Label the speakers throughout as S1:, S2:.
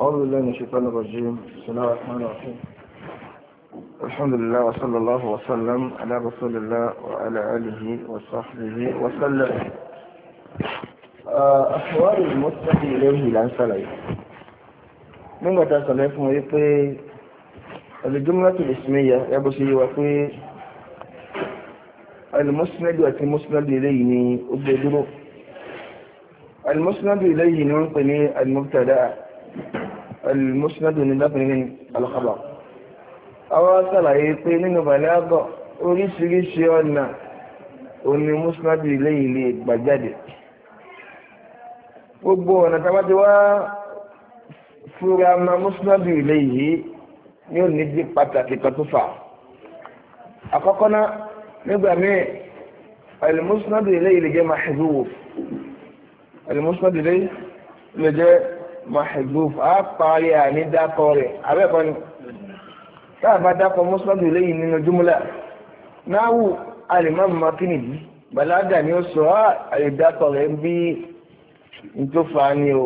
S1: أعوذ بالله من الشيطان الرجيم بسم الله الرحمن الرحيم الحمد لله وصلى الله وسلم على رسول الله وعلى آله وصحبه وسلم أحوال آه، المستقي إليه لأن سلي من قد أصلي فما يقي الجملة الإسمية يا يبصي وفي المسند وفي المسند إليه أبدو المسند إليه نقني المبتدأ المسند من دفن الخبر àwọn sàlàyé pé nínú bàlágọ̀ oríṣiríṣi ọ̀nà òní musnad ilé ilé gbàjáde gbogbo ọ̀nà tàbátí wá fúra ma musnad ilé yìí ní òní di pàtàkì kan tó fà àkọ́kọ́ náà nígbà míì alimusnad ilé ilé jẹ́ mahzuf alimusnad ilé ilé jẹ́ mahbub a parí àní dákọ rẹ̀ abẹ́kọ ni káàbá dákọ mọ́sánàdù lẹ́yìn nínú jumla náwó alimami makini balaga ni o sọ á àlèdákọ rẹ̀ ń bí ntófà ni o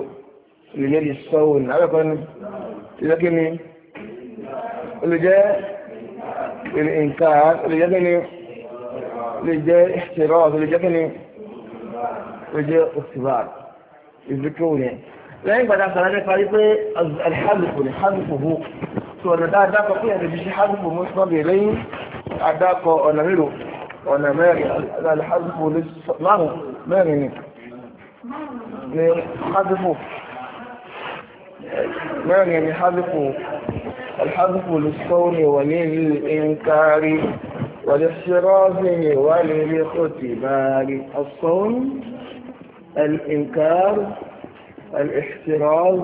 S1: lè di sọ òun abẹ́kọ ni lẹ́kí ni olùjẹ́ nǹkan olùjẹ́ kí ni olùjẹ́ ìṣẹ̀rọ̀ olùjẹ́ kí لأنك بدأت على ذلك فريق الحمل كله حمل فهوق سوى أن دار داكو فيها بجيش حمل فهوق ما بيلين عداكو هذا الحمل فهوق ماري نيك نحذفه ماري يعني حذفه الحذف للصوم وللإنكار وللصراف وللختبار الصون الإنكار الاحتراز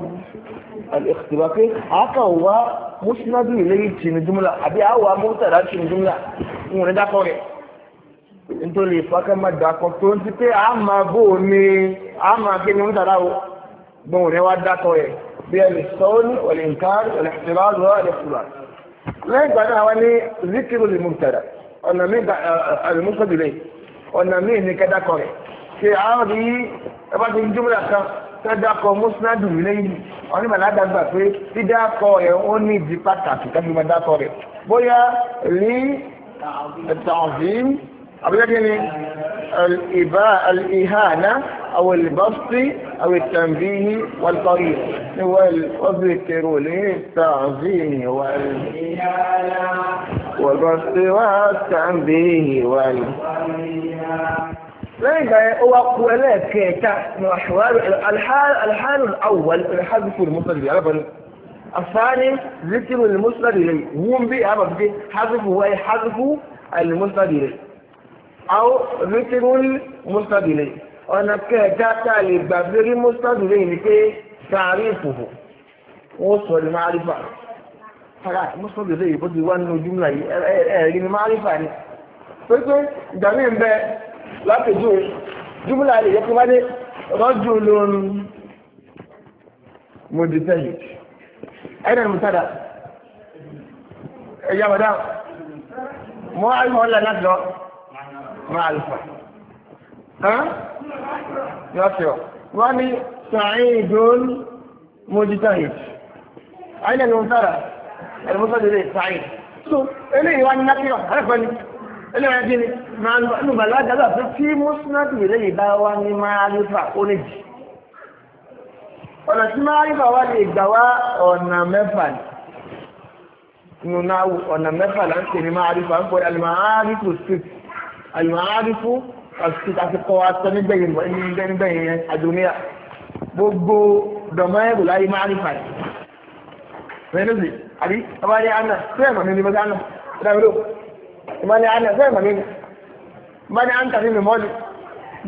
S1: الاختباقي haka wa musnadu ilayhi cin jumla abi awa mutara cin jumla wọ́n da ko re nto le fa kan ma da ko to nti pe a ma bo ni a ma ke ni mutara o bo ne wa da ko re bi al sawl wal inkar wal ihtiraz wa al ikhtibar la gbana wa ni zikru al mutara ọ̀nà mi al musnadu ilayhi ọ̀nà mi ni kada ko re ṣe a rí ẹbá ti jumla kan tọ́dákọ mọ́sánádù lẹ́yìn onímọ̀ládàgbà pé dídákọ ẹ̀ ó ní ìdí pàtàkì tẹ́lẹ̀ mọ́dákọ rẹ̀ bóyá rí ẹ̀tàọ̀fíìm àbújẹ́kí ni ìhànà àwọn ìbọ́sí àwọn ìtànbíyí wọ́lùkọ́rì ní wọ́lùkọ́bí ìtẹ̀rò ní ìtànbíyí wọ́lùkọ́rì لأن هو قولا كيتا الحال الحال الأول الحذف المفرد عرفا الثاني ذكر المصدر إليه هم بي عرف بي حذف هو حذف المصدر إليه أو ذكر المصدر إليه أنا كيتا تالي بابير المصدر إليه لكي تعريفه وصل المعرفة خلاص مسند إليه بدي وانه جملة أعلم إيه- إيه- إيه، معرفة يعني فكرة جميل بقى lápèjú júmùlà lè yẹ kí wọ́n dé rọ́jù lónìí mọ̀dìtẹ́yì ẹ̀rẹ̀ mùsàdà ẹ̀yà bàdá mọ́ àlùfà ọ̀là láti lọ mọ́ àlùfà yọ́sọ̀ wọ́n ní sàáìdùn mọ̀dìtẹ́yì ẹ̀rẹ̀ mùsàdà ẹ̀rẹ̀ mùsàdà lè sàáìdùn eléyìí wá ní nákìrọ̀ ẹlẹ́yìn kí ni máa ń bàlágà gbà pé tí mọ́sánátì rẹ̀ lè bá wá ní máa rí fà ó lè jì ọ̀nà tí máa rí fà wá lè gbà wá ọ̀nà mẹ́fà nù náà ọ̀nà mẹ́fà là ń pè ní máa rí fà ń pè àlùmáàrí kò sí àlùmáàrí fún àti àfikọ́ aṣọ nígbẹ̀yìn nígbẹ̀yìn àdúnyà gbogbo dọ̀mọ́ẹ́bù láyé máa rí fà rẹ̀ lóṣì àbí ọba ní àná tó ẹ̀mọ̀ ní ní bọ́sánà ó dá mani ana sai mani ne mani an tafi mimoli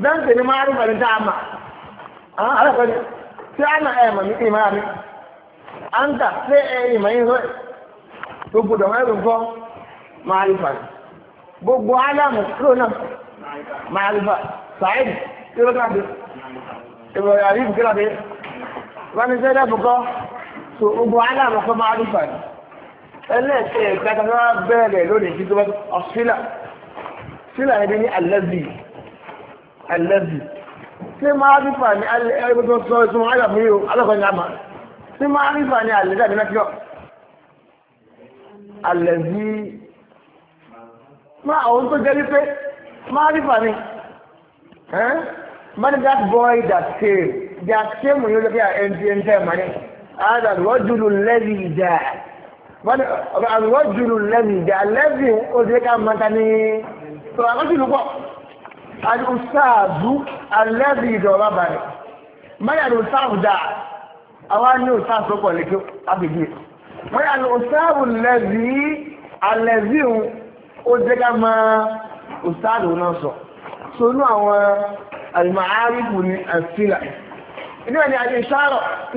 S1: dan ta ni ma'arifarin ta amma an harafa ne sai ana aya mami imani an ta sai aya imani so to gudu mai rufo ma'arifar gbogbo alamu ronan ma'arifa sa'id irokabe ibrahim kirabe wani sai da bukọ so gbogbo alamu ko ma'arifar ẹlẹ́ẹ̀kẹ́ ìgbàgbọ́ bẹ̀rẹ̀ lónìí tí tó bá ọ̀sílà sílà ẹni ní alẹ́bì alẹ́bì tí máa rí fà ní ẹgbẹ́ tó sọ ìtumọ̀ aláàbò yìí o alákọ̀ọ́ ní àmà tí máa rí fà ní alẹ́dà ní mẹ́tíọ̀ alẹ́bì هذا الرجل الذي جاء àlùwọ́jùlù lẹ́mì ìjà lẹ́bì òṣèká mọ́ta ní sọ̀rọ̀ àkọ́jùlù pọ̀ alùsáàdù alẹ́bì ìjọba bàrẹ̀ mẹ́rin alùsáàdù dáa àwọn ní òsáàdù pọ̀ lẹ́kẹ́ àbìgbé mẹ́rin alùsáàdù lẹ́bì alẹ́bì òṣèká mọ́ òsáàdù náà sọ sónú àwọn alìmọ̀árìkù ní àṣìlà inú ẹni àti ìṣàrọ̀ tí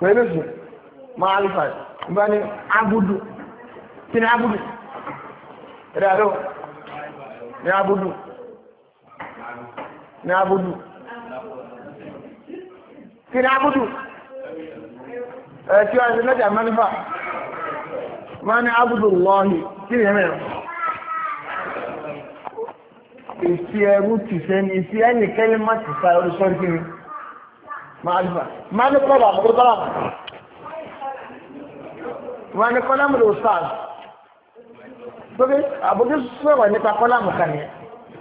S1: pẹ̀lú sí máa rí fàájì bá ní abudu kí ni abudu ẹ̀rẹ́ Abudu, ní abudu ní abudu kí ni abudu ẹ̀kí wáyé lọ́jà mẹ́lifà máa ní abudu lọ́ọ̀hì kí ni ẹ̀mẹ́ na ẹrú tìsẹ́ni ìsì ẹnìkẹ́lẹ́mà tìsà orí sọ́rí kí ni ما نطلع غلطان wọ́n ní kọ́lámù ló sáà tóbi àbójú sọ̀rọ̀ nípa kọ́lámù kan ní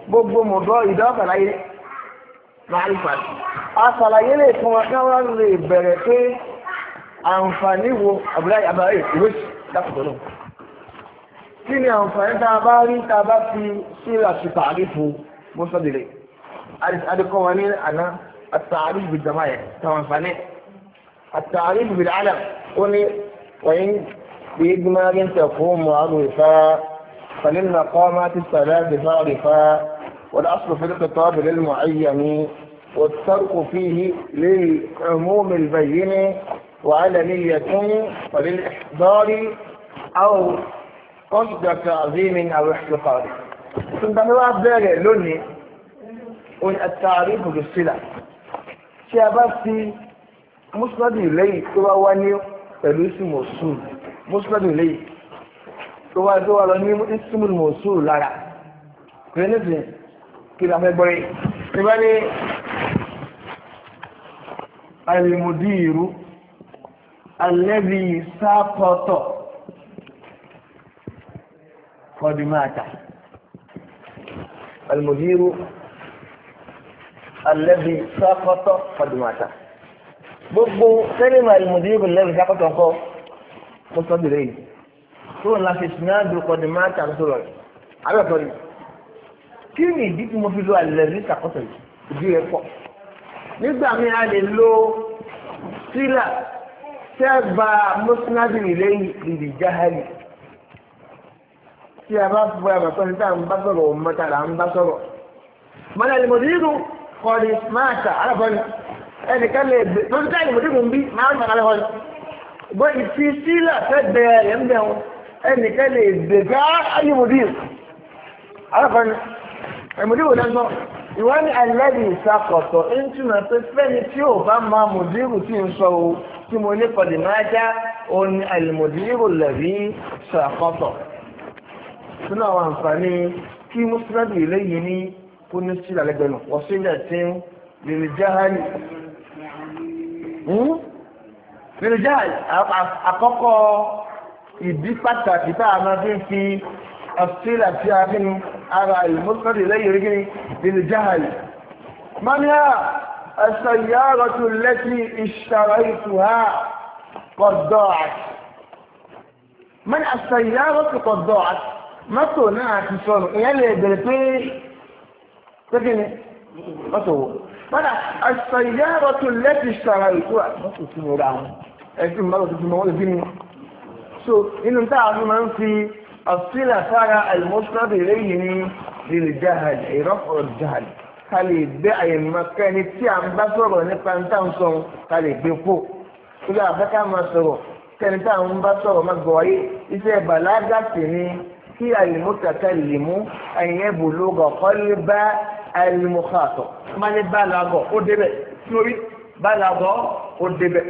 S1: gbogbo mọ̀gọ́ ìdọ́kàláyé máàlùfà àṣàlàyé lè fún wa kí wọ́n lè bẹ̀rẹ̀ pé àǹfààní wo àbúráyé àbáyé ìwé dákòtò náà kí ni àǹfààní tá a bá rí tá a bá fi síra sí tààrí fún mọ́sọ̀dìrẹ̀ adìkọ́ wọn ní àná التعريف بالضمائر طبعا فاهمين التعريف بالعلم قولي وإن بإجمال تقوم معرفا فللمقامات الثلاث فاعرفا والأصل في الخطاب للمعين والترك فيه للعموم البين وعلنية وللإحضار أو قصد تعظيم أو احتقار ثم بقى ذلك لني والتعريف بالصلة tí a bá fi mùsùlùmí lẹ́yìn tó bá wá ní pẹ̀lú ìsìmọ̀sùn mùsùlùmí lẹ́yìn tó wá tó wá lọ ní ìsìmọ̀sùn lára pẹ̀lú nísìnyí kí la fẹ́ gbọ́rẹ́ nígbà ní alìmùdíìrú alẹ́bí sápọ̀tọ̀ fọdùmáta alìmùdíìrú alẹ́bi sákọ́tọ̀ fọdùmọ̀tà gbogbo sẹ́lẹ̀mù àlùmọ̀dìrìbù lẹ́bi sákọ́tọ̀ kọ́ mo sọ bìrẹ̀ yìí tó ń láti sinadu fọdùmọ̀tà ń sọ̀rọ̀ àbẹ̀tọ̀ yìí kí ni ìdí tí mo fi lo alẹ́bi sákọ́tọ̀ yìí ìdí rẹ̀ pọ̀ nígbà mi a lè lo sílà tẹ́gbà mọ́sánádì lẹ́yìn ìdíjáhálì tí a bá fọ́ ẹ̀ bàtọ́ níta ń bá sọ̀rọ̀ òun mọ́ta ń bá sọ̀rọ̀ mọ́lẹ̀ ni mo kọ́ni máàtà alábọ́ni ẹnìkan lè gbé lórí táyì mọ̀tẹ́kù ń bí máa ń sàkálẹ̀ hàn bó ìfi sílà fẹ́ bẹ̀rẹ̀ yẹn bẹ̀ wọn ẹnìkan lè gbé gbá ayémọdé alábọ́ni ẹ̀mọdé wò lẹ́gbọ́n ìwọ́n ní alẹ́bí ìsakọ̀tọ̀ ẹ̀ńtúnà pé fẹ́ni tí ò bá máa mọ̀dírù tí ń sọ o tí mo ní kọ̀dì máa já òun ni àlùmọ̀dírù lẹ̀bí ìsakọ̀tọ̀ kó ní sí ìlàlẹ́gbẹ̀ẹ́ nù wọ́n sílẹ̀ tí ń lèrè jáhálì hmm? lèrè jáhálì àkọ́kọ́ ìdí pàtàkì tá a máa fi ń fi àfíìlà sí akínú ara ìmúsọ́dì lẹ́yìn rí gíní lèrè jáhálì mọ́níà السيارة التي اشتريتها قد ضاعت من السيارة قد ضاعت mọ́tò náà ti sọnù ìyẹn lè bèrè pé pẹ́kí ni mọ́tò wò padà àṣà ìyá ẹ̀rọ tó lẹ́tì ṣàrà ìkú àmọ́tò tí mo ra wọn ẹ̀sìn mọ́tò tuntun mọ́ wọ́n ti ní. so inú tá a fún máa ń fi àfílà sára àìmọ́sọ́dọ̀ eléyìí ní lè jahal ìrọ́pọ̀ jahal ká lè gbé àyẹ̀mọ́ kẹ́ni tí à ń bá sọ̀rọ̀ nípa ń tà ń sọ ká lè gbé kó kí àfẹ́ká máa sọ̀rọ̀ kẹ́ni tá à bá sọ̀rọ̀ máa gbọ́ ayé iṣẹ́ bàlágà sí ni kí àyẹ̀mọ́ kàkà lè mú àyẹ̀bù lóga kọ́lé bá àìlùmọ̀kọ́ o máa ní bàlágọ̀ ó débẹ̀ sórí bàlágọ̀ ó débẹ̀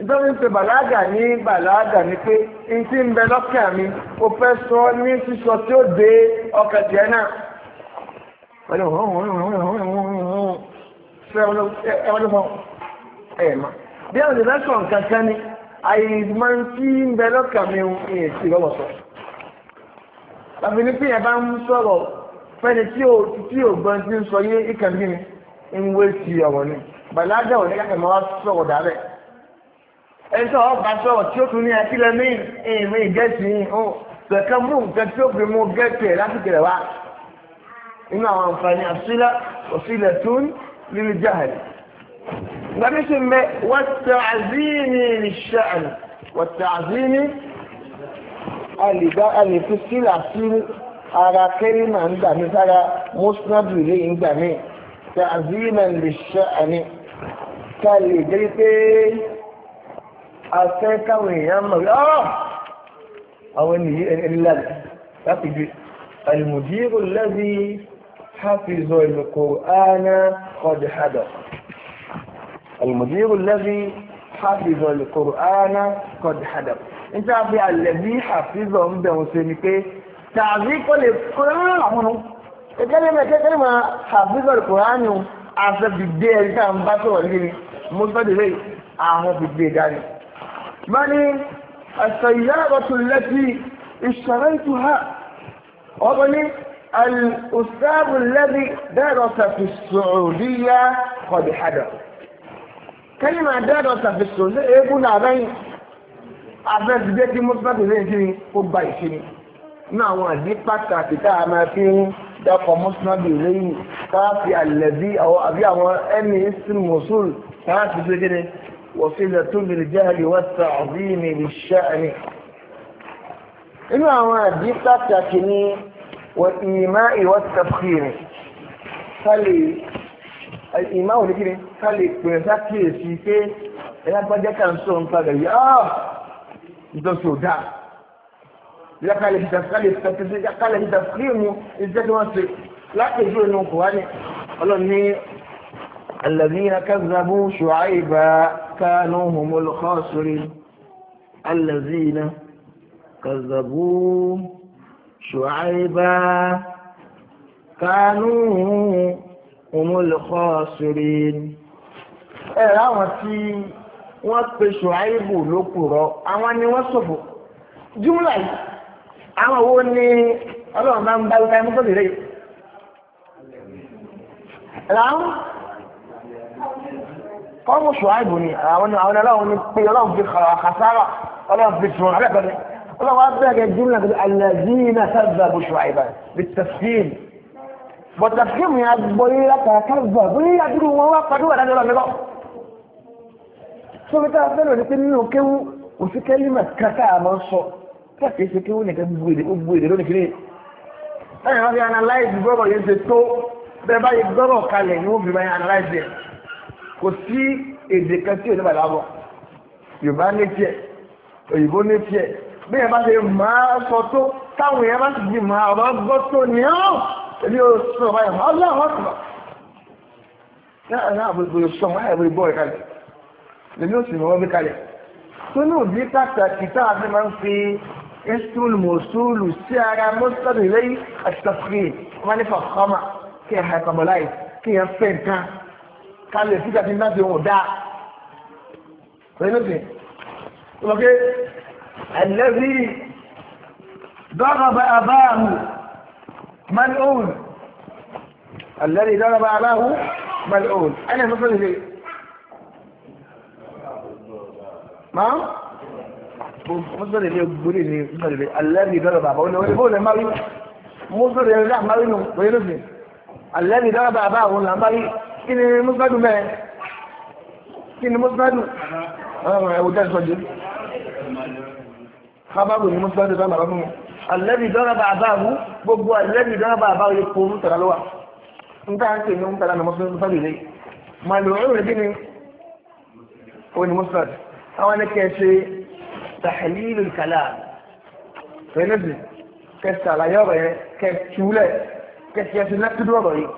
S1: ìjọba ń pe bàlágà ní bàlágà ni pé n tí ń bẹ lọ́kàn mi ó fẹ́ sọ ní sísọ tí ó dé ọkàn tiẹ̀ náà pẹ̀lú ẹwọ́n ló ẹ̀mà bí àwọn ìrẹ́sọ̀ kankan ni àìmọ́ tí ń bẹ lọ́kàn mi ń èsì lọ́wọ́sọ tàbí ní pé ẹ bá ń sọ̀rọ̀ fẹ́ni tí ò tí ò gbọ́n tí ń sọ yé ìkàn bí mi ń wé sí ọ̀rọ̀ ni bàlágà ò ní kákẹ́ mọ́ wá sọ̀rọ̀ dálẹ̀ ẹni tó ọba sọ̀rọ̀ tí ó tún ní akílẹ̀ mí ìmí gẹ̀ẹ́sì yìí ó kẹ̀kẹ́ mú nǹkan tí ó fi mú gẹ̀ẹ́sì ẹ̀ lásìkò rẹ̀ wá inú àwọn àǹfààní àṣìlá òṣìlẹ̀ tó lílu jáhàlì gbàdé sì mẹ wọ́tà àzíní ìṣàlì wọ́tà àzíní àlìbá ara kẹ́rí máa ń gbà mí sára mọ́sánàdù ilé ń gbà mí tàzímà lè ṣe àní ká lè jẹ́ pé afẹ́ káwọn èèyàn mọ̀ rí ọ́ àwọn ènìyàn ẹni lálẹ́ láti ju àlùmùdírò lẹ́bí حافظ القرآن قد حدث المدير الذي حافظ القرآن قد حدث انت في الذي حافظ ń bẹ̀rùn sí ni pé tàbíkọ́ lè kọ́rọ́ àwọn ẹgbẹ́lẹ́mẹ́kẹ́kẹ́lẹ́mà tàbíkọ́ lè kọ́rọ́ àánú àfẹ́bìdé ẹ̀ríkà ń bá sọ̀rọ̀ nílé mọ́sọ́dẹ̀lẹ́ àwọn fìdé dání ma ní àṣàyàrọ̀tún lẹ́tí ìṣàrẹ́tù ha ọgbọ́n ní alùsáàbù ní àwọn àdí pàtàkì tá a máa fi ń dákọ̀ mọ́sánàbì lẹ́yìn káàfi àlẹ́bí àbí àwọn ẹni sí mùsùl káàfi gbégede wọ̀sílẹ̀ tó lè jẹ́hàlì wẹ́sà ọ̀bí mi lè ṣẹ́ ẹni. inú àwọn àdí pàtàkì ni wọ́n ìmá ìwọ́sà pìrì kálí ìmá òní kiri kálí pèrè sákìyèsí pé ẹ̀yà gbọ́jẹ́ kà ń sọ rẹ̀ yìí ìjọsìn ah! ò dáa lẹ́kàlẹ̀ ìtàfíìmù iṣẹ́ tí wọ́n ṣe láti ìjú inú kò wá ní ọlọ́ni alàzíyà kazzabu ṣùháìbá kánú homolokọ́sùrí alàzíyà kazzabu ṣùháìbá kánú homolokọ́sùrí ẹ̀rọ àwọn tí wọ́n pe ṣùháìbù lókùrọ̀ àwọn ni wọ́n ṣòfò jùmlà yìí àwọn owó ní ọlọ́run bá ń bá wípé mọ́tò lè rẹ̀ láwọn kọ́mù ṣùháìbù ni àwọn ọlọ́run ní pé ọlọ́run fi kàṣàrà ọlọ́run fi ṣùn alẹ́kọ̀ọ́ni ọlọ́run wá bẹ̀rẹ̀ jùlọ alẹ́dínà sábà bù ṣùháìbà bí tafsir bọ̀ tafsir mi a gbọ́ yí látara kábà bí adúrú wọn wá padà wà dáadáa lọ́mọ́ sọ́bítà fẹ́ràn ní pé nínú kéwú láti ṣe kí ó nìkan gbogbo èdè lónìí kiri ẹ̀yìn wọ́n fi analyze gbọ́rọ̀ yẹn ṣe tó bẹ́ẹ̀ báyìí gbọ́rọ̀ kalẹ̀ ni wọ́n fi máa analyze ẹ̀ kò sí èdè kan tí òní bàdà bọ̀ Yorùbá ní tiẹ̀ òyìnbó ní tiẹ̀ bí yẹn bá ṣe máa sọ tó táwọn yẹn bá sì di máa ọba gbọ́ tó ní ọ́ èmi ò sọ ọba yẹn ọlọ́ àwọn ọ̀sán náà náà àbúrò sọ wọn àìwé bọ́ ẹ̀ kalẹ̀ èmi ò tó ní òbí pàtàkì táwọn fi máa ń fi اسم الموصول والسعر مصدر اليه التفخيم وانا فخمه كي هايبرمولايز كي يفهم كا كان لي فيك في الناس يوم دا فهمت اوكي الذي ضرب اباه ملعون الذي ضرب اباه ملعون انا مصدر اليه ما؟ mọ́sọ̀rọ̀ ilé gbórí ni mọ́sọ̀rọ̀ ilé alẹ́bí dọ́rọ̀ bàbá òun lọ́wọ́ ìfowópamọ́ máa rí mọ́sọ̀rọ̀ ilé náà máa rí nù wọ́n yẹn lófin alẹ́bí dọ́rọ̀ bàbá òun là ń bá rí kí ni mọ́sọ̀rọ̀ mẹ́ẹ̀ kí ni mọ́sọ̀rọ̀ ẹ̀wọ̀ jẹ́ sọ́jú kábàbù ni mọ́sọ̀rọ̀ dọ́rọ̀ bàbá fún alẹ́bí dọ́rọ̀ bàbá òun gbogbo alẹ́bí dọ́rọ̀ bàbá òun kò ń tẹ̀lé wa n ta ṣe ní mọ́sọ̀rọ̀ ní ni òun mọ́sọ̀rọ̀ àwọn تحليل الكلام فنزل كيف على يابا كيف شولة كيف يسنك دوري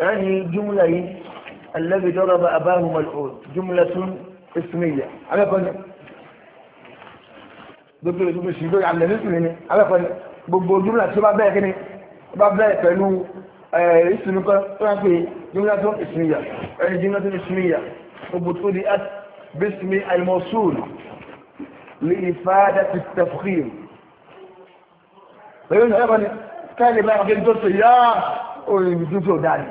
S1: يعني جملة الذي ضرب أباه ملعون جملة اسمية على فن دكتور دكتور شنو يعمل اسمه هنا على فن بقول جملة شو بقى هنا بقى فنو اسمك كذا جملة اسمية يعني جملة اسمية وبتقولي أت باسم الموصول لإفادة التفخير فيقول أيضا كان بقى مكان تقول سيارة ويجوزوا داني،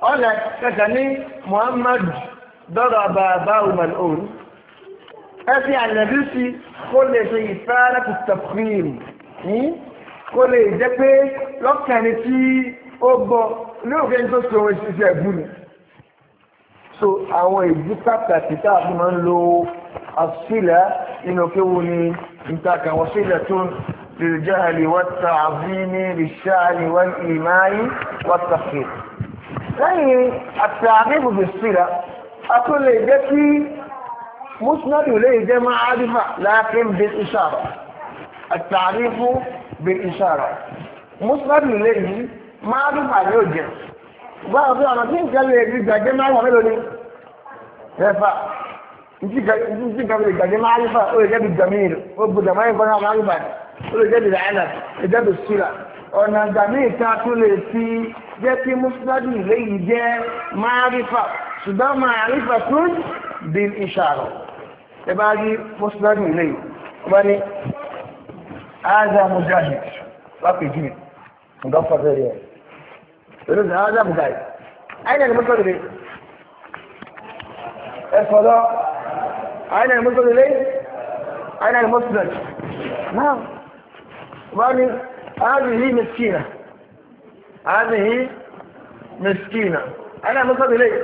S1: قال كتني محمد ضرب باب ملعون أسي على نفسي كل إفادة التفخير kó lè jẹ́ pé lọ́kàn ní tí ó gbọ́ ní òfin tó so àwọn ìdí pàtàkì tá a fi máa ń lo àṣìlá nínú kéwu ni ìtàkà àwọn sílẹ̀ tó lè jẹ́ àlè wọ́n ta àbí ní ìṣá àlè wọ́n ìmáyé wọ́n tàkì. lẹ́yìn àti àríbùbù sílẹ̀ a tún lè jẹ́ kí musnadu lè jẹ́ máa rífà láàkín bí ìṣàrà àtàrífù bí ìṣàrà musnadu lè yí máa rífà ní òjẹ̀ báwo bí ọ̀nà tí ń kẹ́lẹ̀ ìgbàgbé máa wà mélòó ni ẹ̀fà nti ka bi gadi maalifa o le jabi damir o bu damir kɔnɔ maalifa o le jabi lɛɛna o jabi sura ọ̀nà damir ta tún lè fi jẹ́ kí musulmanu léyìí jẹ́ maalifa ṣùgbọ́n maalifa tún bí ìṣàrọ̀ ẹ bá rí musulmanu léyìí wọ́n ní aza mujahid lápèjì nǹkan fọ́tẹ́rì ẹ̀ lórí aza mujahid ayé ni mo الفضاء عين المسند ليه عين المسند نعم وبعدين هذه هي مسكينة هذه مسكينة عين مسند ليه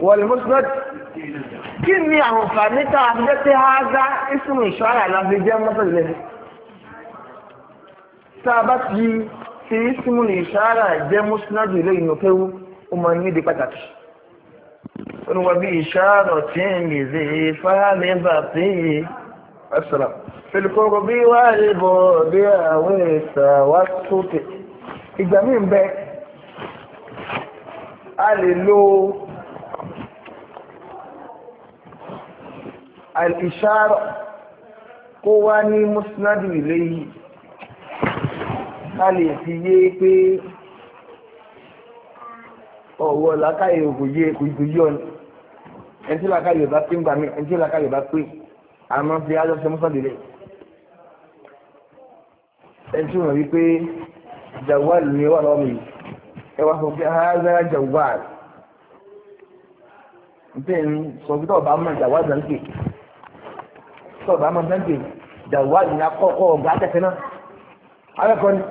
S1: والمسند كم يعني فانتا عبدت هذا اسمه شعر على جام مسند ليه سابت لي في اسم الإشارة جام مسند إليه نكو أماني دي بتاكش وبي إشارة لذي فهم بقي أسرع في القرب والبعد أويس والسوط ìgbà míì ń bẹ a lè lo al-ishara kó wá ní musnadu ilayhi a lè fi yé pé ọ̀wọ̀ làkàyè òkú yé kò ni ẹni tí làákà yorùbá pé ń gbà mí ẹni tí làákà yorùbá pé àmọ́ fi ájọ́ ṣe mọ́sàdìlẹ̀ ẹni tí wọ́n rí pé jawal ni wà lọ́wọ́ mi ẹ wá sọ pé ahára jawal nítorí ní sọ pé tọ́ọ̀bá mọ̀ jawal náà ń pè tọ́ọ̀bá mọ̀ náà jawal ni akọ́kọ́ ọ̀gá tẹ̀sẹ̀ náà alẹ́kọ̀ọ́ ni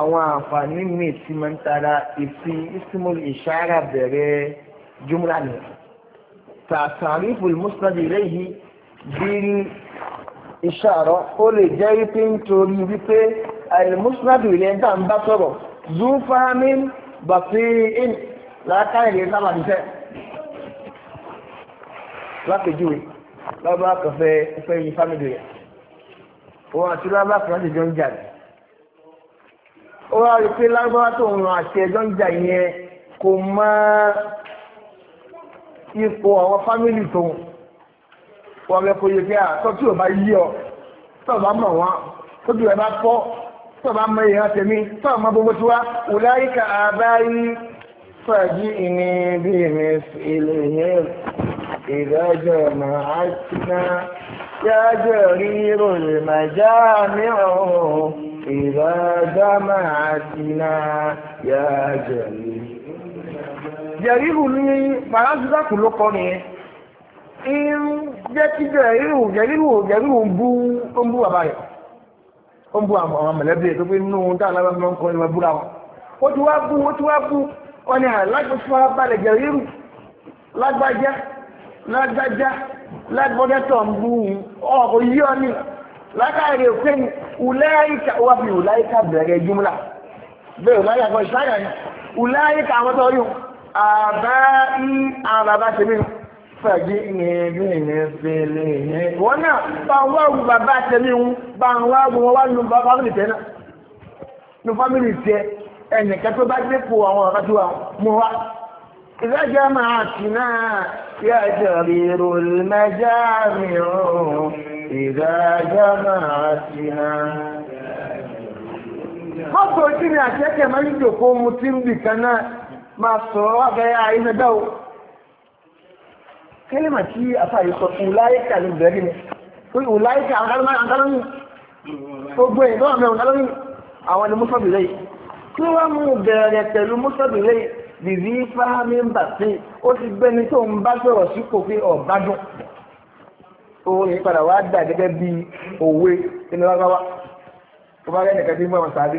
S1: àwọn àǹfààní mi ti máa ń tara ìfi ìsímọ̀lì ìṣára bẹ̀rẹ̀ jumla ni tàtàrífù musnad ilayhi bíi ìṣàrọ̀ ó lè jẹ́ wípé nítorí wípé al-musnad ilayhi tá ń bá sọ̀rọ̀ zufahamin basirin lákàrẹ̀ sábà níṣẹ́ lápèjúwe lọ́ba kọfẹ́ ìfẹ́ yìí fámìlì rẹ̀ òun àti lọ́ba kan ti jọ ń jà rẹ̀ ó wá pé lágbára tó ń àti ẹjọ́ ń jà yẹn kò máa ipò àwọn fámìlì tó wọ́n rẹ̀ kò yẹ kí a tọ́ tí ò bá yí ọ tọ́ bá mọ̀ wọn tó bí ẹ bá fọ́ tọ́ bá mọ ìran tèmi tọ́ mọ gbogbo tí wá wùláyíkà àbáyí fàájì ìní bí mi ilé yẹn ìdájọ́ màá ti yájọ́ rírò lè má mi ọ̀hún ìdájọ́ màá ti yájọ́ rírò jẹ̀ríhù ní faransidaku ló kọ́ nìyẹn ń jẹ́ kí jẹ̀ríhù jẹ̀ríhù jẹ̀ríhù ń bú ó ń bú bàbá rẹ̀ ó ń bú àwọn mọ̀lẹ́bí rẹ̀ tó fi nínú táwọn alábàá máa ń kọ́ ìwà búra wọn ó ti wá bú ó ti wá bú wọn ni àlágbó tí wọn balẹ̀ jẹ̀ríhù lágbájá lágbájá lágbọ́dẹ́tọ̀ ń bú ọ̀rọ̀ yí ọ ní látàrí òfin ùlẹ́ẹ̀ka wà fi ùlẹ́ẹ̀ka bẹ̀rẹ̀ jùmùlà bẹ́ẹ̀ ùlẹ́ẹ̀ka àwọn tó yùn àbá ń àbàbá ṣe mí fàájì ní ẹbí ní fèlè ní. wọ́n náà bá ń wáwù bàbá tẹ̀lé ń bá ń wáwù wọn wá lu fámìlì tẹ̀ náà lu fámìlì tẹ̀ ẹnìkan tó bá dépò àwọn ọ̀rọ̀ tó wà mú wa. ìdájọ́ máa tì náà yá ìjọ̀rìrò lẹ́jà mìíràn ìdájọ́ máa tì náà. mọ́tò tí àti ẹ̀kẹ́ máa ń jòkó mu tí ń bì kan náà máa sọ̀rọ̀ abẹ́rẹ́ àìsẹ̀dá o kẹ́lẹ́mà tí àfàyè sọ fún ló bẹ̀rẹ̀ ni pé ò láyíkà àǹkálóní gbogbo ẹ̀ lọ́wọ́ mẹ́rin àǹkálóní àwọn ni mọ́sọ̀bì lẹ́yìn tí wọ́n mú bẹ̀rẹ̀ pẹ̀lú mọ́sọ̀bì lẹ́yìn bìbí fáhámi ń bà sí ó ti gbẹ́ni tó ń bá sọ̀rọ̀ sí kò fi ọ̀bádùn òun yìí padà wá dà gẹ́gẹ́ bí òwe nínú lágbáwá tó bá rẹ́ nìkan tí ń bọ̀ wọn sáré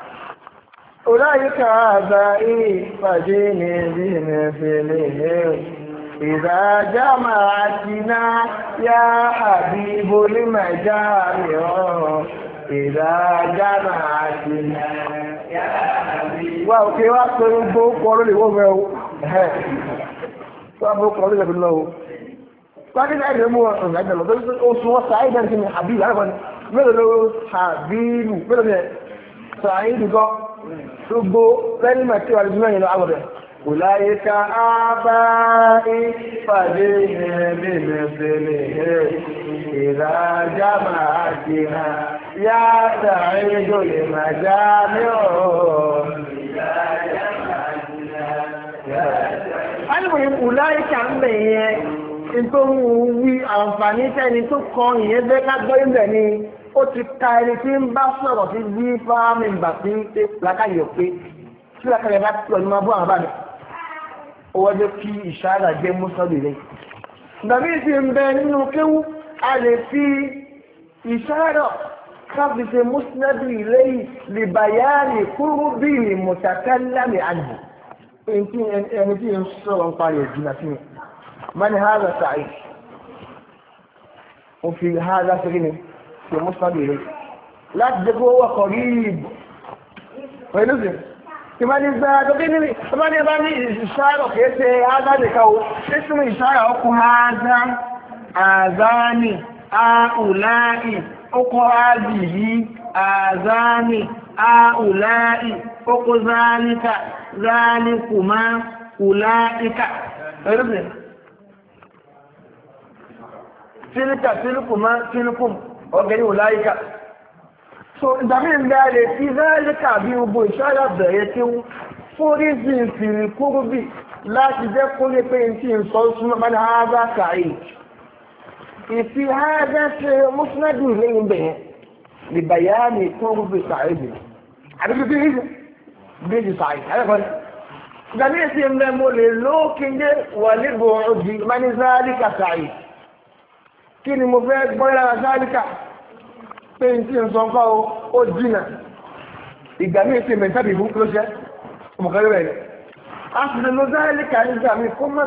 S1: أولئك آبائي وديني بهم فيهم إذا جمعتنا يا حبيب المجامع إذا جمعتنا يا حبيب وأوكي وأكثر بوكور لومه وأبوكور لك الله لكن أنا مو عندنا لو هو سعيد أنت من حبيب عارف ماذا لو حبيب ماذا سعيد قال gbogbo kẹ́lìmọ̀ tí wà lójúmọ̀ yìí lọ àwọn rẹ̀ kò láyé ká á bá ìpàdé ẹ̀ẹ́dẹ̀mẹ̀fẹ̀lẹ̀ ìrajà máa ti hàn yá sàárè dòlè màjá ní ọ̀rọ̀ ìrajà máa ń bẹ̀ wí àǹfààní tẹ́ni tó kọ ìyẹn bẹ́ẹ̀ ìbẹ̀ ni ó ti ka ẹni tí ń bá sọ̀rọ̀ sí bí fáámi ìgbà tí ń pé lákàyè pé tí lákàyè bá pọ̀ ní máa bọ́ àwọn bàbá ó wájú kí ìṣáàlà jẹ́ mọ́sọ́lì rẹ̀. bàbá ìsì ń bẹ nínú kéwú a lè fi ìṣáàlà káfí ṣe mọ́sọ́lì lẹ́yìn lè bàyáàrì kúrú bí mùtàkálàmì àjù ẹni tí ń sọ̀rọ̀ ń parí ìjìnà sí mi. mani hàzà sàáyì. ó hàzà sí ṣe mú sọ́dọ̀ rẹ̀ láti jẹ́ kó wọ́ kọ̀ rí ìbò pẹ̀lú sí tí bá ní gbá tó kí níbi tó bá ní bá ní ìṣàrọ̀ kìí ṣe ágádì káwó tí sí mú ọ̀gẹ́ni wò láyíká so ìgbàmí ìbẹ̀rẹ̀ tí láyíká bí gbogbo ìṣọ́lá bẹ̀rẹ̀ tí ó fórí sí ìfìrí kúrú bí láti jẹ́ kó lè pé tí ń sọ súnmọ́ bá ní hágá kàáyì ìfi hágá ṣe mọ́sánádù lẹ́yìn bẹ̀yẹn ìbàyá ní kúrú bí sàáyì bí bí kí ni mo fẹ́ gbọ́n lára sáríkà pé n tí n sọ nǹkan o ó jìnà ìgbà míì ti mẹ́ta bìbú ló jẹ́ ọmọkẹ́lẹ́ bẹ̀rẹ̀ a sì lè lo sáríkà nígbà míì kó má